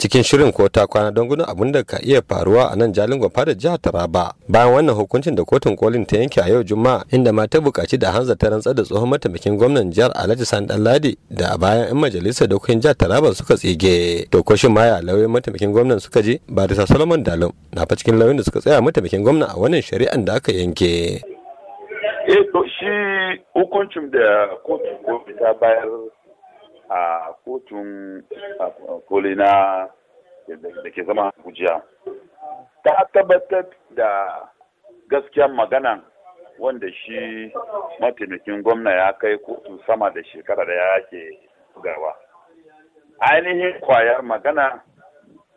cikin shirin ko ta kwana don gudun abin da ka iya faruwa a nan jalin gwafa da jihar Taraba bayan wannan hukuncin da kotun kolin ta yanke a yau Juma'a inda mata ta buƙaci da Hanza ta rantsar da tsohon mataimakin gwamnan jihar Alhaji San ladi da a bayan 'yan majalisar dokokin jihar Taraba suka tsige to ko shin maya lauyoyin mataimakin gwamnan suka je ba da Solomon Dalum na fa cikin lauyoyin da suka tsaya mataimakin gwamnan a wannan shari'an da aka yanke eh, shi hukuncin da kotun ta bayar a kotun kolina na da ke zama Abuja ta tabbatar da gaskiyar magana wanda shi mataimakin gwamna ya kai kotu sama da shekara da ya ke gaba. Ainihin kwayar magana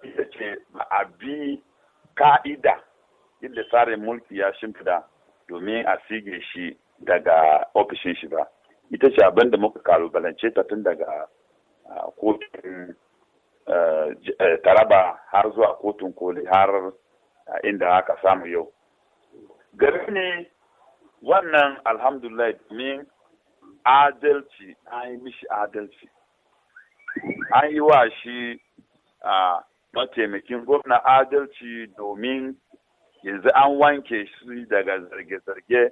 ita ce a bi ka'ida inda tsarin mulki ya shimfida domin a sige shi daga ofishin shi ba. ita ce abin da muka kalubalance ta tun daga kotun taraba har zuwa kotun koli har inda aka samu yau gari ne wannan alhamdulillah domin adalci an yi mishi adalci an yi wa shi a mataimakin gwamna adalci domin yanzu an wanke shi daga zarge-zarge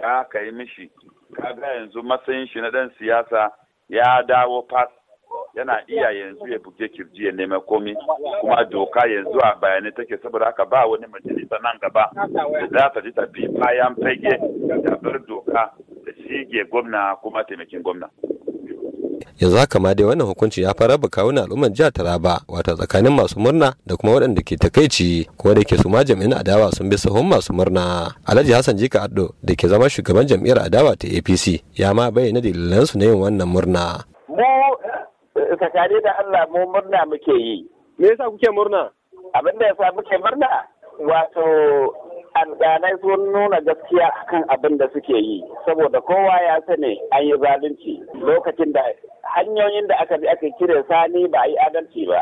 da aka yi mishi kaga yanzu matsayin shi na dan siyasa ya dawo fas yana iya yanzu ya buge kirji ya nema komi kuma doka yanzu a bayanai take saboda haka ba wani majalisa nan gaba da za ta ji ta bi bayan fage da bar doka da shige gwamna kuma taimakin gwamna. yanzu haka ma dai wannan hukunci ya fara baka wani al'ummar jihar Taraba wato tsakanin masu murna da kuma waɗanda ke takaici ko da ke su ma adawa sun bi sahun masu murna Alhaji Hassan Jika Addo da ke zama shugaban jam'iyyar adawa ta APC ya ma bayyana dalilan su na yin wannan murna mu tsakani da Allah mu murna muke yi me yasa kuke murna abin da yasa muke murna wato alƙalai sun nuna gaskiya kan abin da suke yi saboda kowa ya sani an yi zalunci lokacin da hanyoyin da aka bi aka kira sani ba a yi adalci ba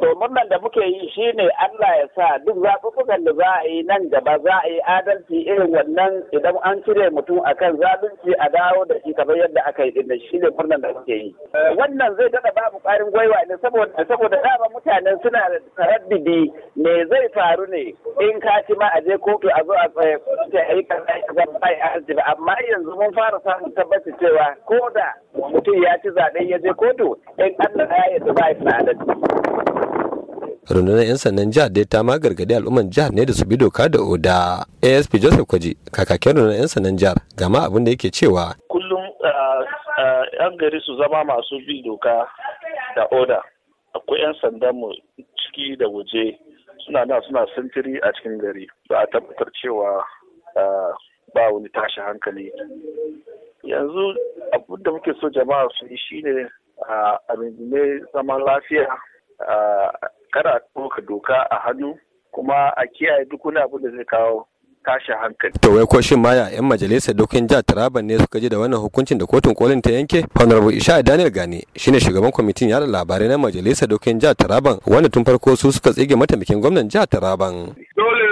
to murnan da muke yi shi ne Allah ya sa duk zaɓuɓɓukan da za a yi nan gaba za a yi adalci irin wannan idan an cire mutum akan zalunci a dawo da shi kamar yadda aka yi din shi ne murnan da muke yi wannan zai daɗa babu ƙarin gwaiwa ne saboda saboda dama mutane suna taraddidi me zai faru ne in ka ci ma a je kotu a zo a eh, ce a yi ya zama ba ya amma yanzu mun fara samun tabbaci cewa ko da mutum ya ci zaɓe ya je kotu in Allah ya yi ba ya rundunar 'yan sannan jihar dai ta ma gargadi al'umman jihar ne da su bi doka da oda asp joseph kwaji kakakin rundunar 'yan sannan jihar gama abin da yake cewa kullum 'yan gari su zama masu bi doka da oda akwai 'yan sandanmu ciki da waje suna na suna sintiri a cikin gari ba a tabbatar cewa ba wani tashi hankali yanzu abin da muke so jama'a su yi shine a rundume zaman lafiya kada ɗauka doka a hannu kuma a kiyaye duk wani abin da zai kawo tashin hankali. To wai ko shin maya 'yan majalisar dokin jihar Taraban ne suka ji da wannan hukuncin da kotun kolin ta yanke? Honorable Isha Daniel Gani shine shugaban kwamitin yada labarai na majalisar dokin jihar Taraban wanda tun farko su suka tsige mataimakin gwamnan jihar Taraban.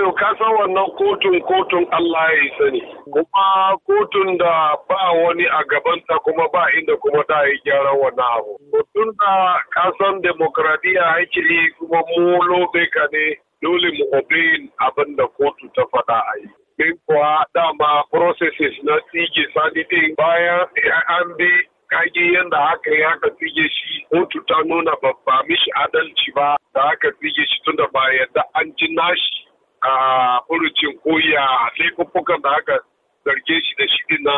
Bello ka san wannan kotun kotun Allah ya sani kuma kotun da ba wani a gabanta kuma ba inda kuma da yi gyara wannan abu. Kotun da ka san demokradiyya yake yi kuma mu lobe ka ne dole mu obeyin abin da kotu ta faɗa a yi. Din kuwa dama processes na tsige sani ɗin bayan an bi kage yadda haka ya ka tsige shi kotu ta nuna babba mishi adalci ba da haka tsige shi tunda ba yadda an ji nashi A furucin koya laifuffukan da aka zarge shi da shi na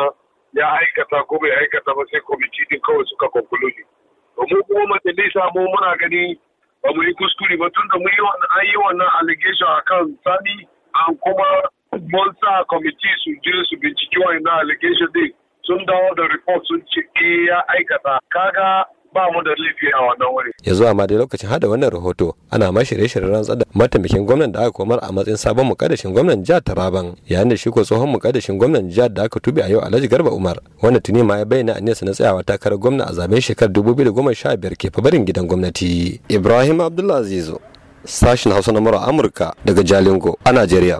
ya aikata ko bai aikata ba sai kwamiti din kawai suka Ba mu kuma majalisa mu muna gani ba mu yi kuskure ba tun da an yi wannan allegation a kan sani an kuma mun sa kwamiti su je su binciki wannan allegation din sun dawo da report sun ce eh ya aikata kaga ba mu da laifi a wannan wuri. Ya zuwa ma dai lokacin hada wannan rahoto ana ma shirye-shiryen rantsar da mataimakin gwamnan da aka komar a matsayin sabon mukaddashin gwamnan jihar Taraban yayin da shi ko tsohon mukaddashin gwamnan jihar da aka tubi a yau Alhaji Garba Umar wanda tuni ma ya bayyana nesa na tsayawa takarar gwamna a zaben shekarar 2015 ke fabarin gidan gwamnati. Ibrahim Abdullahi Azizu sashin Hausa na Amurka daga Jalingo a Najeriya.